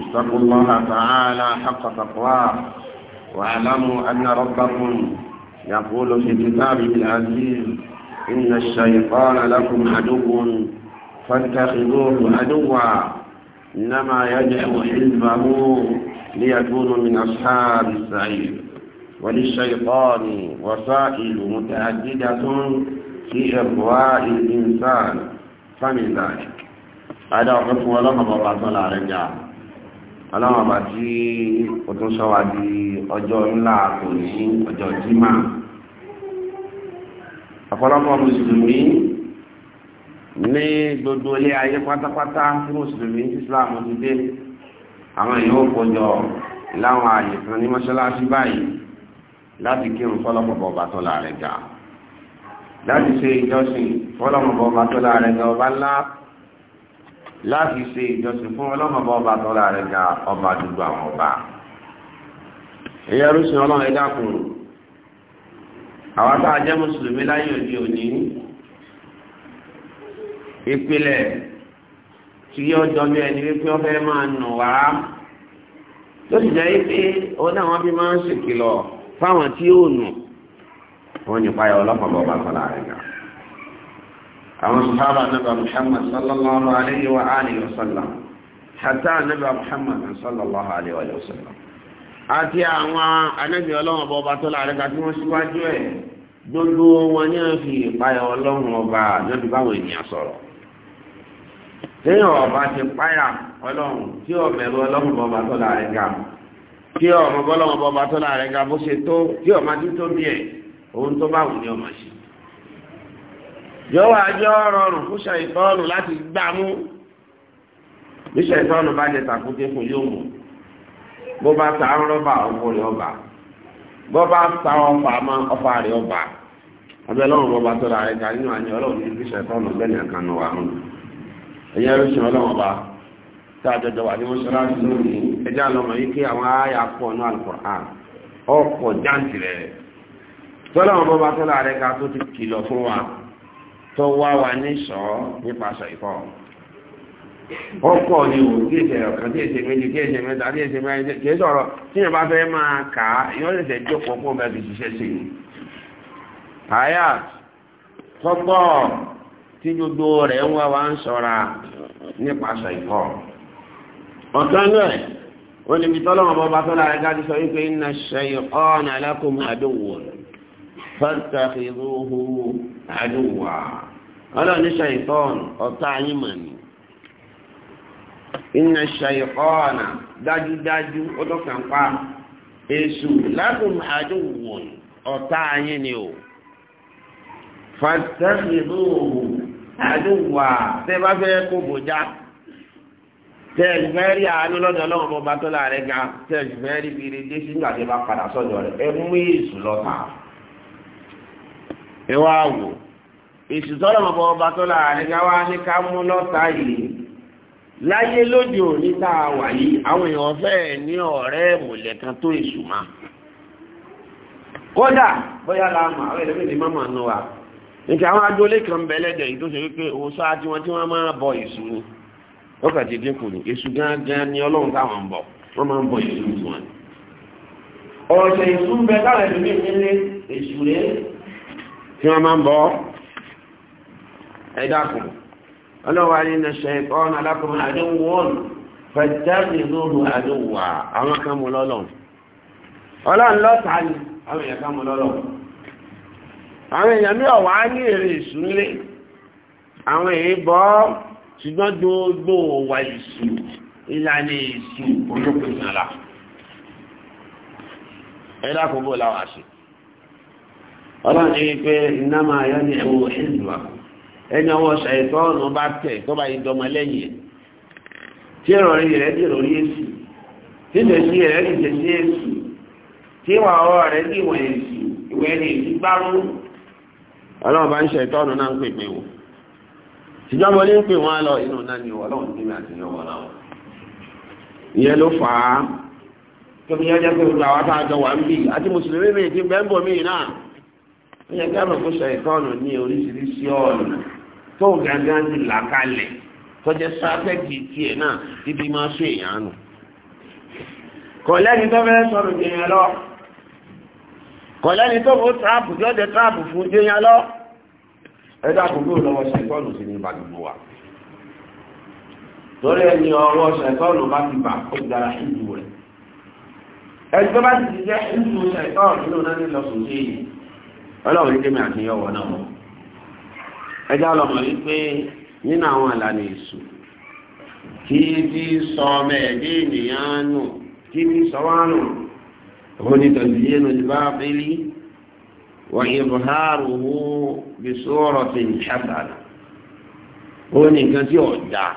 اتقوا الله تعالى حق تقواه واعلموا أن ربكم يقول في كتابه العزيز إن الشيطان لكم عدو فاتخذوه عدوا إنما يدعو حزبه ليكونوا من أصحاب السعير وللشيطان وسائل متعددة في إغواء الإنسان فمن ذلك هذا عفو لهم الله تعالى الله ọlọ́run ọba tí o tún sọ wá di ọjọ́ ńlá kò ní ọjọ́ jimá ọ̀pọ̀lọpọ̀ mùsùlùmí ní gbogbo ilé ayé pátápátá tí mùsùlùmí islam ti dé àwọn èèyàn kọjọ láwọn ààyè kan ní mọ́ṣáláṣí báyìí láti kírun fọlọ́pọ̀pọ̀ ọba tó láàrẹ̀ ga láti ṣe ìjọsìn fọlọ́pọ̀pọ̀ ọba tó láàrẹ̀ ga ọba ńlá láti ṣe ìjọsìn fún ọlọ́mọba ọba tọ́lá rẹ̀ ga ọba àdúgbò àwọn ọba ẹ̀yà rúṣin ọlọ́run ẹ̀dá kùn àwọn tá a jẹ́ mùsùlùmí láyé òde òní ìpìlẹ̀ tí yóò jọmí ẹni wípé ó fẹ́ máa nù wá tó sì jẹ́ pé ó ní àwọn bí máa ń ṣèkìlọ̀ fáwọn tí ó nù wọn nípa ẹ̀ ọlọ́mọba ọba tọ́lá rẹ̀ ga àwọn sùhábà nàbà muhammad sallallahu alayhi wa alihi wa sallam hatta nàbà muhammad sallallahu alayhi wa sallam àti àwọn anábì ọlọ́run ọba tó láàrin ká tí wọ́n síwájú ẹ̀ gbogbo wọn ní wọ́n fi ìpayà ọlọ́run ọba lọ́dún báwọn ènìyàn sọ̀rọ̀ téèyàn ọba ti páyà ọlọ́run tí ọ̀bẹ̀rù ọlọ́run ọba tó láàrin ká tí ọmọ bọ́lọ́run tó bí ẹ̀ ohun tó bá wù ọmọ ṣe yóò wá jẹ́ fún ṣàìtọ́nù láti bí ṣàìtọ́nù bá jẹ tàkúté fún yóò mú bó bá ta rọ́bà ọba bó bá ta ọfà ọfà ọba bó bá ká nínú àyẹ̀ ọlọ́run ní bí ṣàìtọ́nù wà hàn ẹ̀yẹ́ ló ṣe ọlọ́run ọba tá a jọjọ wà ní mọ́ṣáláṣí lónìí ẹjẹ́ àlọ́mọ yìí kí àwọn àyà pọ̀ ní alukur'an ọkọ̀ jáǹtì rẹ̀ tọ́lọ́run bó bá ká tó wá wa ní sọ nípasẹ̀ ìfọ́ ó pọ̀ ní kí èsè ọ̀kan tí èsè méjì kí èsè mẹ́ta tí èsè mẹ́ta kì í sọ̀rọ̀ tí yẹn bá fẹ́ máa kà á yọ lẹ́sẹ̀ jókòó fún bẹ́ẹ̀ fi ṣiṣẹ́ sí i. àyà tọ́gbọ́ tí gbogbo rẹ̀ ń wá wa ń sọ̀ra nípasẹ̀ ìfọ́. ọ̀kan náà wọ́n níbi bọ́ bá tọ́lá rẹ̀ dájú sọ wípé iná ṣe ọ̀nà alákòmù àdúgbò fẹ́ntàkìrúhu ọlọ́ni ṣàìtọ́ọ̀nù ọ̀tá yín mà ní iná dájúdájú ó pa èṣù ọ̀tá ni o fàtẹ́sìlú àdúgbò tẹ́ bá kó bòjá tẹ́ àánú lọ́dọ̀ ọlọ́run ọba tó láàrẹ̀ ga tẹ́ ẹ̀ dé sí nígbà tí ẹ bá padà sọ́dọ̀ rẹ̀ ẹ mú èṣù lọ́ta ìṣùtọ́lọ̀ mọ̀ ọba tó láàrin káwá ní ká mú lọ́ta yìí láyé lóde òní tá a wà yìí àwọn èèyàn fẹ́ ní ọ̀rẹ́ mọ̀lẹ́ kan tó èṣù kódà bóyá la mọ̀ àwọn ẹlẹ́mìí ni mọ́mọ́ nù wa nǹkan àwọn adúlé kan bẹ lẹ́dẹ̀ yìí tó ṣe wípé òun sọ àti wọn tí wọ́n máa bọ èṣù ni ó kà ti dínkù ni èṣù gángan ni ọlọ́run táwọn ń bọ wọ́n máa ń bọ èṣù ní wọn. ọ̀sẹ̀ èṣù ń bẹ táwọn ẹlẹ́mìí ẹ̀dàkùn ọlọ́wà ní ṣe ìkọ́nà alákùnrin àdínwọ́n fẹ̀tẹ́rì lóhùn àdínwà àwọn kan lọ́lọ́ ọlọ́run lọ́ta àwọn èèyàn lọ́lọ́ àwọn èèyàn ní ní èrè ìsúnlé àwọn èèyàn bọ́ gbogbo ẹni ọwọ́ ṣàìtọ́ọ̀nù bá tẹ̀ tó bá yí dọmọ lẹ́yìn ẹ̀ tí ìrọ̀rí rẹ̀ dì rọ̀rí èsì tí rẹ̀ èsì tí ìwà ọwọ́ rẹ̀ dì ìwọ̀n èsì ìwẹ̀ èsì gbárù ọlọ́run bá ń náà ń pè pé ní ń pè lọ inú náà ni ọlọ́run tí láwọn ìyẹn wà ń bì àti mi ti bẹ́ńbọ̀ mí náà ó yẹ kí á tó gángan ti là kalẹ̀ tọ́jẹ́ sáfẹ́kì tiẹ̀ náà ibi máa ṣe èèyàn nù kọ̀lẹ́ni tó fẹ́ sọ̀rọ̀ lọ kọ̀lẹ́ni tó fún tráàpù tí ó lọ ní wa torí ẹni ọwọ́ ṣẹ̀tọ́nù bá ti bà ó ti dára rẹ̀ ẹni tó bá ti jẹ́ náà sùn sí ẹjá lọ́mọ wípé nínú àwọn ìlànà èṣù kí bí sọ ọmọ ẹ̀dẹ́ ènìyàn nù kí bí sọ wá nù òun ni tọ̀jú yé nu bá bẹ́lí wọ́n yẹ bùhárù hù bí sọ̀rọ̀ sí ìṣàbàlà òun ni nǹkan tí ò dáa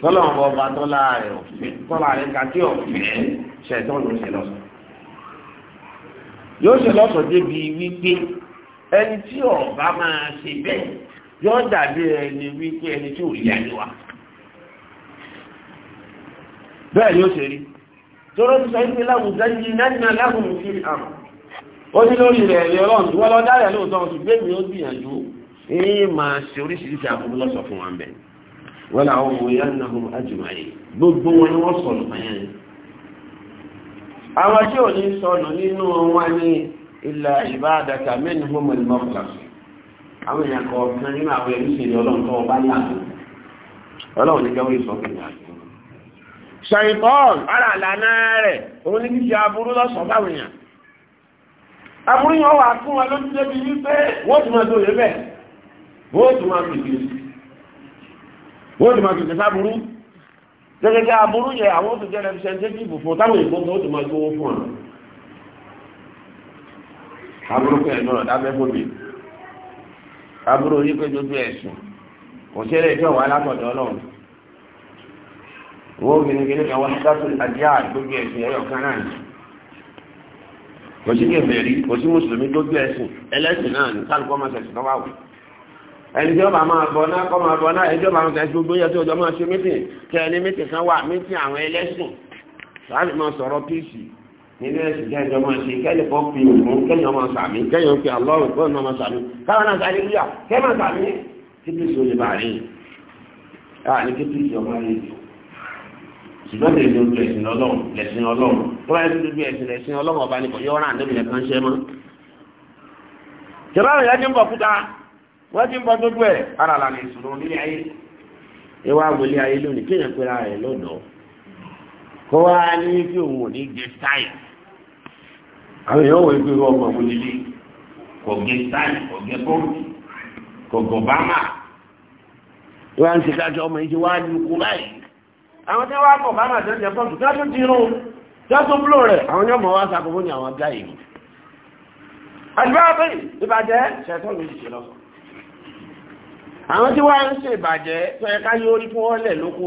tọ́lọ̀ ń bọ̀ bá tọ́lá rẹ̀ tọ́lá rẹ̀ ká tí ọ̀fẹ́ ṣẹ̀tọ́ ló ṣe lọ́sọ̀ yóò ṣe lọ́sọ̀ débi wípé ẹni tí ọba máa ṣe bẹ́ẹ̀ yọ dàbí ẹni wípé ẹni tí ò rí ayé wa bẹ́ẹ̀ ni ó ṣe rí tọ́rọ ti sọ ìpé láwùjọ yìí nẹ́nà láwùn fi àmà ó ní lórí rẹ̀ ẹ̀rẹ̀ ọlọ́run tí wọ́n lọ lóòótọ́ gbé mi ó gbìyànjú máa ṣe oríṣiríṣi àbúrú lọ́sọ̀ fún wa wọ́n làwọn ọmọ ìyá gbogbo wọn ni wọ́n sọ̀rọ̀ àwọn tí ò ní sọnù ilà ìbáàdàkà mẹ́nu fún mọ̀lẹ́mọ́kùlá àwọn èèyàn kọ̀ọ̀kan nínú àwọn ẹ̀rí ìṣèlú ọlọ́run tó ọba ní àgbẹ̀ ọlọ́run ní jẹ́wọ́ ìsọ̀kùnrin àgbẹ̀ ṣàìtọ́n ara àlànà rẹ̀ òun ní kíkí aburú lọ́sàn báwọn èèyàn aburú yẹn wà fún wọn lójú débi wípé wọ́n tún máa dòye bẹ́ẹ̀ aburú pé ẹ̀gbọ́n dábẹ́ bòbí aburú yí pé gbogbo ẹ̀sùn kò ṣẹlẹ̀ ìjọ wà látọ̀dọ̀ ọlọ́run owó gbìngbìngbìn kan wọ́n sátú àdíyà gbogbo ẹ̀sùn ẹ̀yọ̀ kan náà ni kò sí kèfèrí kò sí mùsùlùmí gbogbo ẹ̀sùn ẹlẹ́sìn náà ni kálukọ́ máa ṣẹ̀sìn náà wà wò ẹnìjọ́ bá máa bọ̀ náà kọ́ máa bọ̀ náà ẹjọ́ bá máa gbogbo yẹ tó ọjọ́ máa ṣe mítìn kẹ́ ẹni mítìn kan wà mítìn àwọn ẹlẹ́sìn láti máa sọ̀rọ̀ píìsì nínú ẹ̀sìn kí ẹjọ́ máa ṣe kẹ́lẹ̀ fi òògùn kẹ́yìn ọmọ sàmì kẹ́yìn ọ̀kẹ́ àlọ́run kọ́ ọmọ sàmì káwọn náà sàmì yíyà kẹ́ máa sàmì títí sí olè bàárẹ̀ yìí ní títí sí ọmọ rẹ̀ yìí ṣùgbọ́n tèmi ló lu ẹ̀sìn ọlọ́run lẹ̀sìn ọlọ́run tó bá yẹ kí lóbi ẹ̀sìn lẹ̀sìn ọlọ́run ọba nìkan yọ ọ́ràn ṣẹ́ mọ́. ń bọ̀ kúta wọ́n ti kó wá ní kí òun ò ní gé táì àwọn èèyàn wọ̀ ẹgbẹ́ ìwọ ọmọ òun nílé kò gé táì kò gé bọ́ọ̀lù kò gò bámà wọ́n á ń ṣe dájọ́ ọmọ yìí ṣe wá ní ikú báyìí àwọn tí wọ́n á kọ̀ bámà tó ń jẹ bọ́ọ̀lù búlò rẹ̀ àwọn yóò mọ̀ wá sàkóbó ní àwọn gáyìí àdúrà ìbàjẹ́ ṣẹ̀tọ́ ló ṣe lọ́sọ̀ àwọn tí wọ́n ń ṣe ìbàjẹ́ tó ẹ̀ká yóò rí fún ọ́lẹ̀ lóko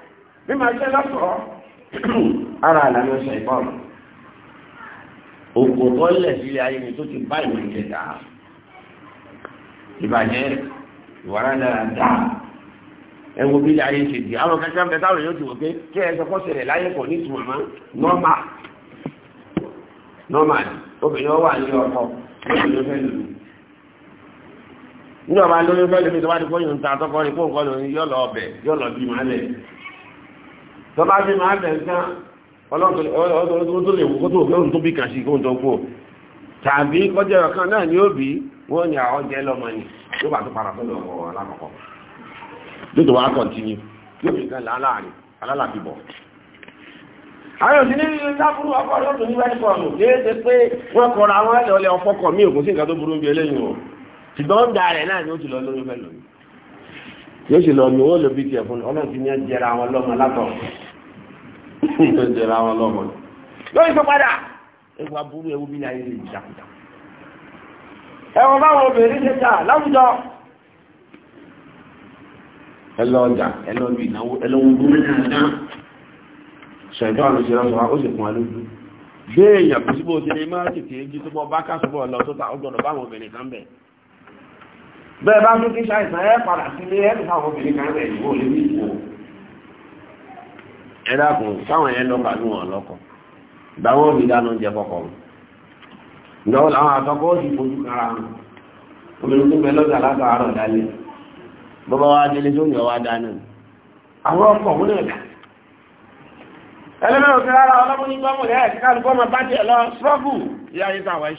bí máa jẹ́ lọ́sọ̀ọ́ ara ìlànà ṣe ìbọn òkò tó lẹ̀ sílé ayé mi tó ti bá ìwé ìjẹta ìbàjẹ́ ìwàrà dáadáa ẹ wo bí ilé ayé ṣe di àwọn kankan bẹ táwọn èèyàn ti wò pé kí ẹ sọ fọ́sẹ̀rẹ̀ láyé kò ní ìtumọ̀ mọ́ nọ́mà nọ́mà obìnrin wà ní ọkọ obìnrin fẹ́ lù nígbà máa lóyún fẹ́ lómi tó bá ti kọ́ ta àtọ́kọ́ ní kó nǹkan lòun lọ ọbẹ̀ yọ̀ lọ bí màálẹ̀ tó bá ṣe máa bẹ̀rẹ̀ gan ọlọ́run tó lè wò kó tó fẹ́ràn tó bí kàn sí kó ń jọ kú tàbí kọjá ọ̀kan náà ni ó bí wọ́n ní àwọn jẹ́ lọ́mọ ni ló bá tó para sọ́dọ̀ ọ̀rọ̀ alákọ̀ọ́kọ́ ló tó wá kọ̀ntínú yóò fi kan láàárín alálàbíbọ̀ àwọn òsì ní sáfúrú ọkọ̀ lọ́tún ní wẹ́ẹ̀kọ̀ọ̀nù léèdè pé wọ́n kọra àwọn ẹ̀lẹ́ ọlẹ́ ọfọ́kọ̀ mí òkú sí nǹkan tó burú bí eléyìí o ṣùgbọ́n ń da rẹ̀ náà ni ó ti lọ lórí fẹ́ lórí yóò sì lọ ní owó lóbi tiẹ̀ fún ọlọ́run ti ní ẹ jẹra àwọn lọ́mọ látọ̀ tó jẹra àwọn lọ́mọ yóò sọ padà ewu aburú ewu bí láyé lè jàkúta ẹ̀wọ̀n báwọn obìnrin ṣe ta láwùjọ ẹlọ́ọ̀jà ẹlọ́ọ̀lù ìnáwó ẹlọ́wọ̀n burú náà ṣẹ̀dọ́ àrùn ṣe lọ́sọ̀rọ̀ ó sì kún alójú béèyàn kò síbò ṣe lè má tètè jí tó bọ́ bá kásùbọ̀ lọ tó ta ọgbọ̀nà bẹ́ẹ̀ bá tún kí ṣàìsàn ẹ́ padà sílé ẹ́lù sáwọn obìnrin kan rẹ̀ ìwò lè ní ìwò ẹ̀dàkùn sáwọn ẹ̀ lọ́kà ní wọn lọ́kọ̀ ìgbàwọ́ òbí dáná jẹ kọ́kọ́ ìgbàwọ́ làwọn àtọ́kọ́ ó sì fojú kára hàn obìnrin tó mẹ́ lọ́jà látàárọ̀ dálé bọ́bá wa délé tó yọ wá dáná àwọn ọkọ̀ òun náà dà ẹlẹ́mẹ̀rẹ̀ òkè rárá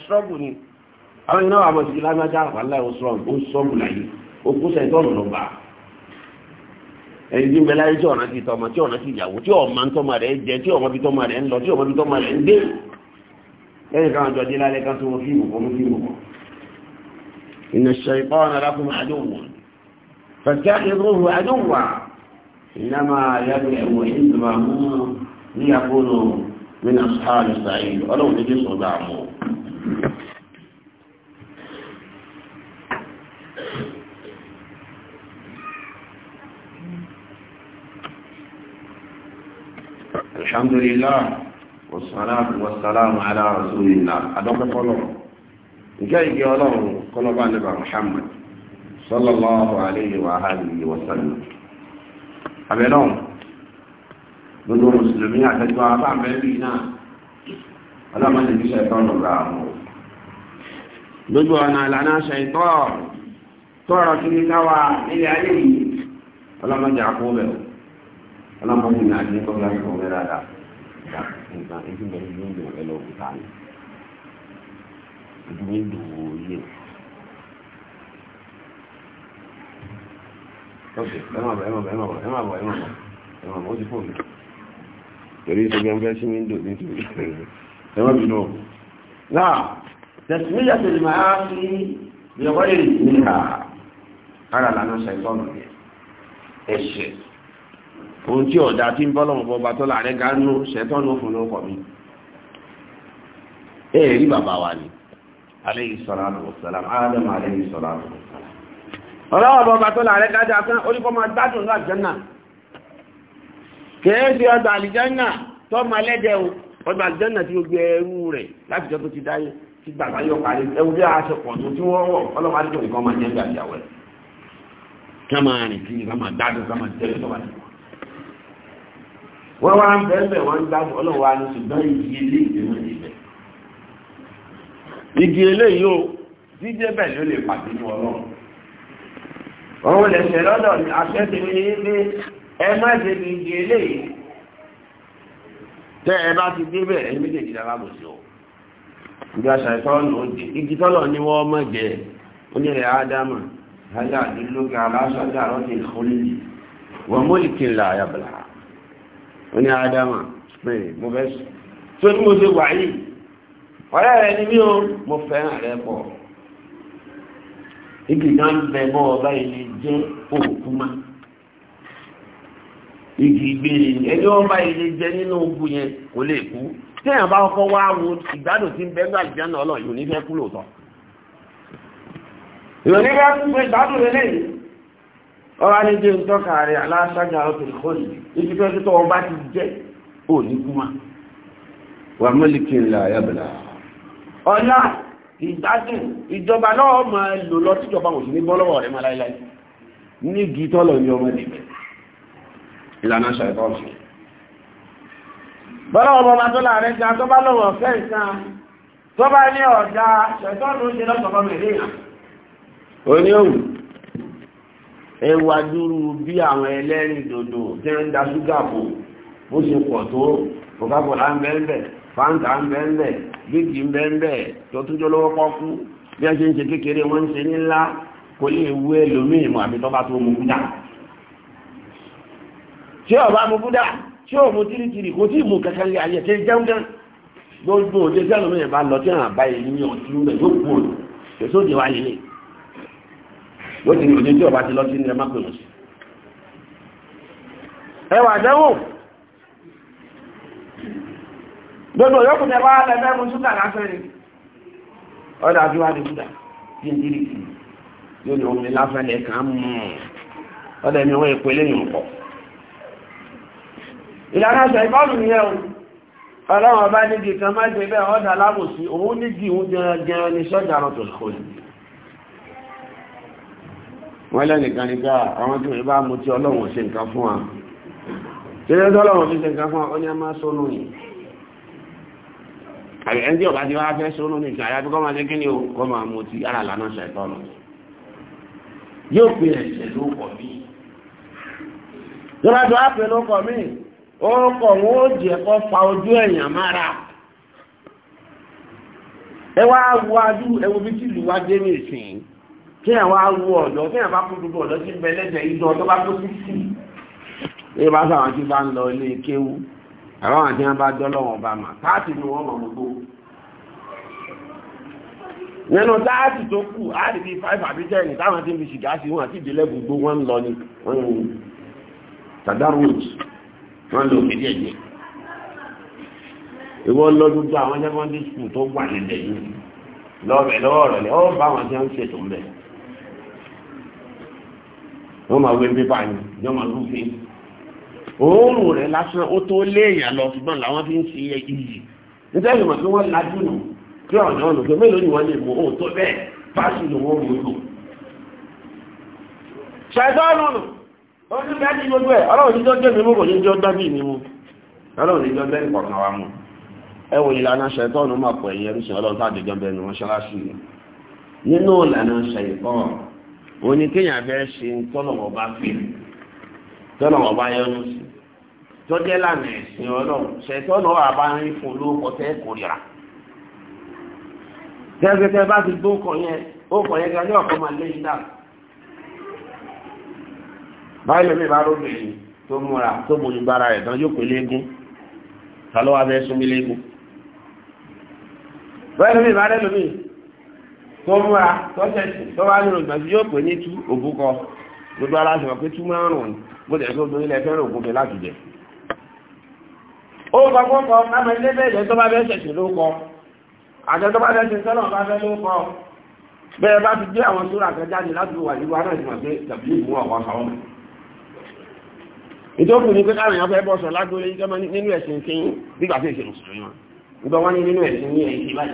ọlọ́mọ àwọn iná àmọ́ ìṣèjì lágbájá àpàlá ó sọ ó sọmù láyé ó kú sẹ́ńtọ́nù lọ bá ẹni tí ń bẹ láyé tí ọ̀nà ti tọmọ tí ọ̀nà ti yàwó tí ọ̀ma ń tọmọ rẹ̀ jẹ tí ọ̀ma bí tọmọ rẹ̀ ń lọ tí ọ̀ma bí tọmọ rẹ̀ ń dé lẹ́yìn káwọn jọ dé lálẹ́ ká tó wọ fíìmù kọ́ fíìmù kọ́ ìnà ṣẹ̀pá ọ̀nà lákùn àdóhùn fẹ̀kẹ́ ìrúhù àdóhùn iná máa ẹ̀wọ̀ ìdùnnà alhamdulillah wasalaatu wasalaamu ala rasulillah adọ́pẹ́ fọlọ́run ìkẹ́ ìkẹ́ ọlọ́run kọlọ́bà nípa muhammad sallallahu alayhi wa alihi wa sallam abẹ́lọ́run gbogbo mùsùlùmí àtẹ́gbọ́ abáàmẹ́bí náà ọlọ́mọdé bí ṣẹ̀tọ́nù gbà mọ́ gbogbo ọ̀nà ìlànà ṣẹ̀tọ́ tọ́rọ kí ní káwa nílẹ̀ ayé yìí ọlọ́mọdé àkóbẹ̀wò ọlọ́mọdé ní àdé tó bá yọ̀ wẹ́ dáadáa nǹkan ẹbí bẹ̀rẹ̀ ní ìlú ẹ lọ wùtá ni ojú mi dùn wò yé ọ̀sẹ̀ ẹ má bọ̀ ẹ má bọ̀ ẹ má bọ̀ ẹ má bọ̀ ẹ má bọ̀ ẹ má bọ̀ ó ti fò mí torí ìṣẹ́gbẹ́ ń fẹ́ sí mi ń dò nítorí ẹ má bínú o náà tẹ̀síwíyà tẹ̀lé máa fi ìyọ̀kọ́ yìí níhà ara lànà ṣàìtọ́nù ẹ̀ṣẹ̀ ohun tí ọ̀dà tí ń bọ́lọ̀ ọ̀bọ̀ ọba tó láàrẹ́ gánú ṣẹ̀tọ́nù fún ọkọ̀ mi ẹ̀ rí bàbá wa ni alayhi salatu wassalam adam alayhi salatu wassalam ọlọ́wọ́ ọba tó láàrẹ́ gájá kan oríkọ́ máa gbádùn náà jẹ́nà kẹ́ẹ̀sì ọgbà àlìjẹ́nà tó máa lẹ́dẹ̀ o ọgbà àlìjẹ́nà tí ó gbé ẹrú rẹ̀ láti jọ tó ti dáyé yọ parí ẹwú bí pọ̀ tó tí wọ́n wọ̀ ọlọ́wọ́ adìjọ́ nìkan máa jẹ́ ń wẹ̀ kí máa rìn kí wọ́n máa gbádùn máa tẹ́lẹ̀ tó wọ́n wá ń bẹ́ẹ̀ wọ́n ń gbádùn ọlọ́wọ́ ní ṣùgbọ́n igi ilé ìgbéwọ̀n níbẹ̀ igi ilé yóò jíjẹ́ bẹ̀ ló lè pàdé ní ọlọ́run òun lè ṣe lọ́dọ̀ ní aṣẹ́sí ní ilé ẹ má ṣe ní igi ilé yìí tẹ́ ẹ bá ti débẹ̀ ẹ méjèèjì dára bò sí o ìgbà àṣà ìtọ́nù igi tọ́lọ̀ ni wọ́n mọ̀ jẹ́ onílẹ̀ ádámà ájá àdúlógún aláṣájà rọ́tì ìkólé wọ́n mú ìkìlà ayàbàlá ó ní adama pé mo fẹ́ tó ní mo ṣe wà yìí ọ̀rẹ́ rẹ ni mí o mo fẹ́ràn rẹ pọ̀ igi kan bẹ bọ́ ọba ilé jẹ́ òkú ma igi gbére ẹni ọba ilé jẹ́ nínú ogun yẹn kò lè kú téèyàn bá kọ́ wá wo ìgbádùn tí ń bẹ ní àlùjáná ọlọ́run yóò ní fẹ́ kú lóòótọ́ ìròyìn bá kú pé ọwá ní jẹ́ ìtọ́ka rẹ̀ aláṣájá ọ̀tọ̀lẹ̀kọ́lì ibi tó títọ́ ọba ti jẹ́ ò ní kúmá wà mọ́lìkì ńlá ayábẹ̀lá ọlá ìgbádùn ìjọba náà ma lò lọ tíjọba wò sí ní bọ́lọ́wọ́ rẹ̀ máláíláí ní gítọ́lọ̀ ní ọmọ ìdìbẹ̀ ìlànà ṣàìtọ́ọ̀sì bọ́lọ́wọ́ bọ́lá tó láàrẹ́ ga tó bá lọ́wọ́ fẹ́ ìsan tó bá ní ọ̀dá ṣàìtọ́ọ̀sì ó ṣe lọ́sọ̀kọ́ mẹ́rin ẹwà dúró bí àwọn ẹlẹ́rìn dòdò tí ń da ṣúgà bò bó ṣe pọ̀ tó coca-cola ń bẹ́ẹ̀ fanta ń bẹ́ẹ̀ bíkì ń bẹ́ẹ̀ tó túnjọ́ lọ́wọ́ pọ́kú bí wọ́n ṣe ń ṣe kékeré wọ́n ń ṣe ní ńlá kò lè wú ẹlòmíì mọ́ àbí tó bá tó mu kúdà tí ọba mu kúdà tí ò tìrìtìrì kò tí ì mu kankan lé ayé tí jẹun gbogbo òde sẹ́lòmíì bá lọ tí àwọn àbáyé ní ọtí yóò ti ní òjò tí ọba ti lọ sí ní ẹmá pẹ̀lú sí ẹwà àdẹ́wò gbogbo yóò tẹ́ wá lẹ́fẹ́ mú ṣúgà lásán ni ọ̀dà àti wá ní ṣúgà tí ń dírí sí yóò ní omi lásán lẹ́ kàn mú ọ̀dà ẹni wọ́n èpo eléyìn pọ̀ ìlànà ṣe ìbọ́ọ̀lù nìyẹn ọlọ́run ọba níbi kan má ṣe bẹ́ẹ̀ ọ̀dà alábòsí òun níbi òun jẹun wọ́n lẹ́nìkan ní káà ah, àwọn tí wọ́n bá mú tí ọlọ́run ṣe nǹkan fún wa ṣe lẹ́tọ́ ọlọ́run fi ṣe nǹkan fún wa ó ní a máa sónú yìí àbí ẹni tí ọba ti wá fẹ́ sónú ní ìṣàyà bí kọ́ máa ṣe kí ni o kọ́ máa mú ti ara lànà ṣàìtọ́nù yóò pe ẹ̀ṣẹ̀ ló kọ̀ yóò bá tó ápè ló kọ̀ ó kọ̀ wọ́n ó jẹ́ kọ́ fa ojú ẹ̀yàn mára ẹ wá wo adú ẹwọ bí tìlú wá dé ní ìsìn kí wá wú ọ̀dọ́ kí bá kú gbogbo ọ̀dọ́ tí ń lẹ́jẹ̀ ìjọ ọ̀dọ́ bá tó sísì ní bá sáwọn tí bá ń lọ ilé kéwú àwọn àti wọn bá dọ́lọ́wọ́n bá mà táàtì ni wọ́n mọ̀ gbogbo nínú táàtì tó kù áàdì bíi five àbí ten táwọn ti ń fi sìgá sí wọn àti ìdílé gbogbo wọn ń lọ ni wọn ń tàdáwòjì wọn lò kéde ẹ̀jẹ̀ ìwọ lọ gbogbo àwọn secondary school tó wà nílẹ̀ yìí lọ́ọ̀bẹ̀ lọ́ọ̀rọ̀ lẹ́ ọ́ bá wọn ti ń ṣètò ń wọ́n máa wé pépà ni yọ́ máa lúfin òórùn rẹ̀ lásán ó tó léèyàn lọ ṣùgbọ́n làwọn fi ń ṣe iyì nítorí mọ̀ pé wọ́n lajú nù kí ọ̀nà ọ̀nà pé mélòó ni wọ́n lè mú òun tó bẹ́ẹ̀ fásitì ni wọ́n mú lò. ṣàìdọ́nù nù ó ní bẹ́ẹ̀ ní gbogbo ẹ̀ ọlọ́run ní jọ́jọ́ mi mú kò ní jọ́ dábì mi mú ọlọ́run ní jọ́ bẹ́ẹ̀ kọ̀ọ̀kan wa mú. ẹ wo ìlànà ṣàìtọ́nù máa pọ̀ ẹ̀yìn ẹrú sí ọlọ́run tá òní kéèyàn fẹ́ ṣe tọ́lọ̀mọ̀ bá fi tọ́lọ̀mọ̀ bá yọnu sí tọ́jẹ́ lànà ẹ̀sìn ọlọ́run ṣètọ́nà àbá ń fún olóko tẹ́ kò rírà tẹ́gbẹ́tẹ́ bá ti gbó kàn yẹn ó kàn yẹn gẹ́gẹ́ ọ̀kan máa lé yín dà báyìí lómi bá róbìnrin tó múra tó bojú bára rẹ̀ tán yóò pé léegun ta ló wá fẹ́ súnmí léegun báyìí lómi bá rẹ́ lómi tó múra tó tẹ̀sí tó bá nínú ìgbà tí yóò pè ní tú òbúkọ gbogbo ara ṣe wà pé tú márùn-ún bó tẹ̀ tó dorí lẹ́fẹ́ rò gbogbo láti jẹ. ó kọ́kọ́ kọ kámẹ́ lébẹ́ ìjẹ́ tó bá fẹ́ ṣẹ̀ṣì ló kọ àjọ tó bá fẹ́ ṣe sọ́nà bá fẹ́ ló kọ bẹ́ẹ̀ bá ti gbé àwọn sóra kan jáde láti wà nígbà náà ti mọ̀ pé tàbí ìmú àwọn àwọn ìtòkù ní pé káàrin afẹ́ bọ́sọ̀ lágbólé yíká nínú ẹ̀sìn tí nígbà tí ìṣe mùsùlùmí wọn nígbà wọn ní nínú ẹ̀sìn ní ẹ̀yìn ìbáyìí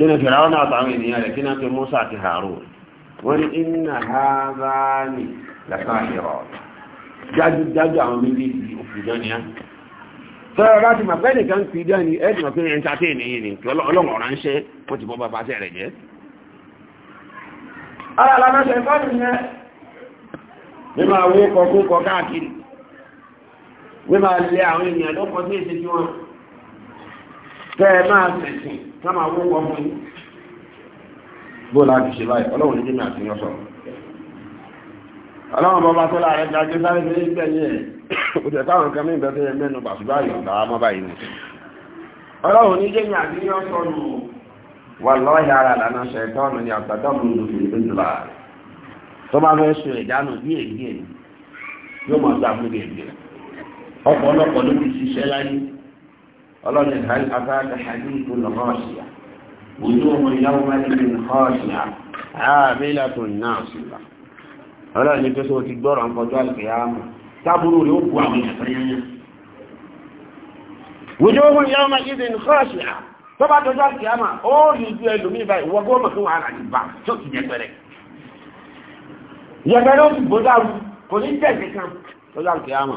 kí ni fìràwọn àtàwọn ènìyàn rẹ̀ kí náà fi Musa àti Harun wọ́n ní iná hazani lẹ́sán àṣírọ̀ jájú jájú àwọn méjèèjì òfìdán ni á tọ́rọ láti máa pẹ́ nìkan fi dá ní ẹ́dùn ọ̀pẹ́ ẹ̀ńtàtẹ́ ènìyàn ni kí ọlọ́run ránṣẹ́ ó ti bọ́ bàbá tẹ́ rẹ̀ jẹ́ ara alámẹ́sẹ̀ ìfọ́nù yẹn ní máa wó kọkún kọ káàkiri wí máa lé àwọn ènìyàn lọ́kọ̀ọ́ sí èsì tí wọ́n tẹ́ ẹ máa sẹ̀sìn ká máa wọ́wọ́ fún bó láti ṣe báyìí ọlọ́run ní jẹ́mi àti yọ́sọ̀ ọlọ́run bọ́ba tó láàrẹ jáde sáré fi ń ẹ̀ táwọn nǹkan mí bẹ́ẹ̀ mẹ́nu bàtú báyìí ọ̀dà báyìí ni ọlọ́run ní jẹ́mi àti yọ́sọ̀ nù wà ara ni tó bá fẹ́ sọ ìdánù bí èyí ọlọ́ni hàn àbáta hadithu lọ́ọ̀ṣìyà ojú ọmọ ìyàwó máa ní ọ̀ṣìyà ààbílà tó náà ṣùgbà ọlọ́ni tó sọ ti gbọ́rọ̀ ń kọjú àlùkìyàmù tábúrú rẹ̀ ó kú àwọn ìyàtọ̀yányá ojú ọmọ ìyàwó máa ní ọ̀ṣìyà tó bá tọjú àlùkìyàmù ó rí ju ẹlòmíì wà láti bá tó ti yẹpẹrẹ yẹpẹrẹ ó sì gbọ́dọ̀ kò ní tẹ̀sí kan tọjú àlùkìyàmù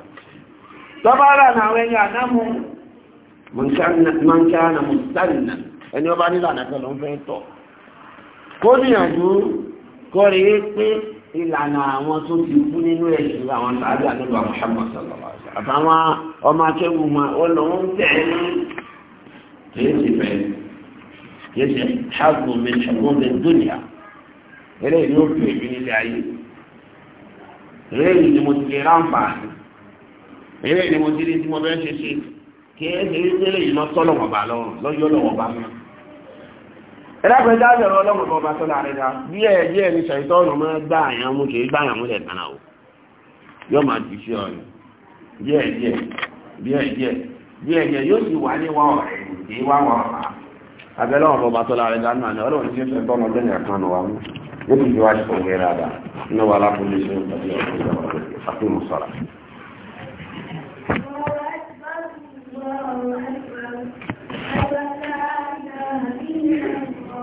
tọ́bárà na àwọn ẹni àdámú mọ̀nkánà mọ̀sánà ẹni ọba nílò ànàkẹ́ ló ń fẹ́ tọ̀ kó níyànjú kọ́ rí pé ìlànà àwọn tó ti kú nínú ẹ̀sìn àwọn tàbí Muhammad sallallahu alaihi wasallam àtàwọn ọmọ akẹ́wù ma ó lọ ń tẹ̀lé kìí sì fẹ́ kìí sì ṣàgùn mi ṣàgùn mi nílé ayé eléyìí ni mo ti ráǹfààní eré ni mo ti rí tí mo bẹ́ẹ̀ ṣe ṣe kí ẹ ṣe rí pélé yìí lọ́tọ́ lọ́wọ́ bá lọ́rùn lọ́yọ́ lọ́wọ́ bá mọ́. ẹ dábẹ́ dábẹ́ ọ̀rọ̀ ọlọ́mọ bọ́ bá tọ́lá rẹ̀ dá bí ẹ díẹ̀ ní ṣàìtọ́nù máa gbá àyàn mú kì í gbá àyàn mú lẹ̀ kanáà o yóò máa ti ṣe ọ̀rẹ́ díẹ̀ díẹ̀ díẹ̀ díẹ̀ díẹ̀ díẹ̀ yóò sì wà ní wá ọ̀rẹ́ kì í wá wà ọ̀rá. abẹ́lẹ́ ọ̀rọ̀ bá tọ́lá rẹ̀ dá náà ọlọ́run ti ṣàìtọ́nù ọdún yẹn kan wà mú yóò fi wá ṣe ọ̀rẹ́ rẹ̀ dá inú wa lápò lè ṣe ọ̀rẹ́ àti mùsọ̀rọ̀. الله أكبر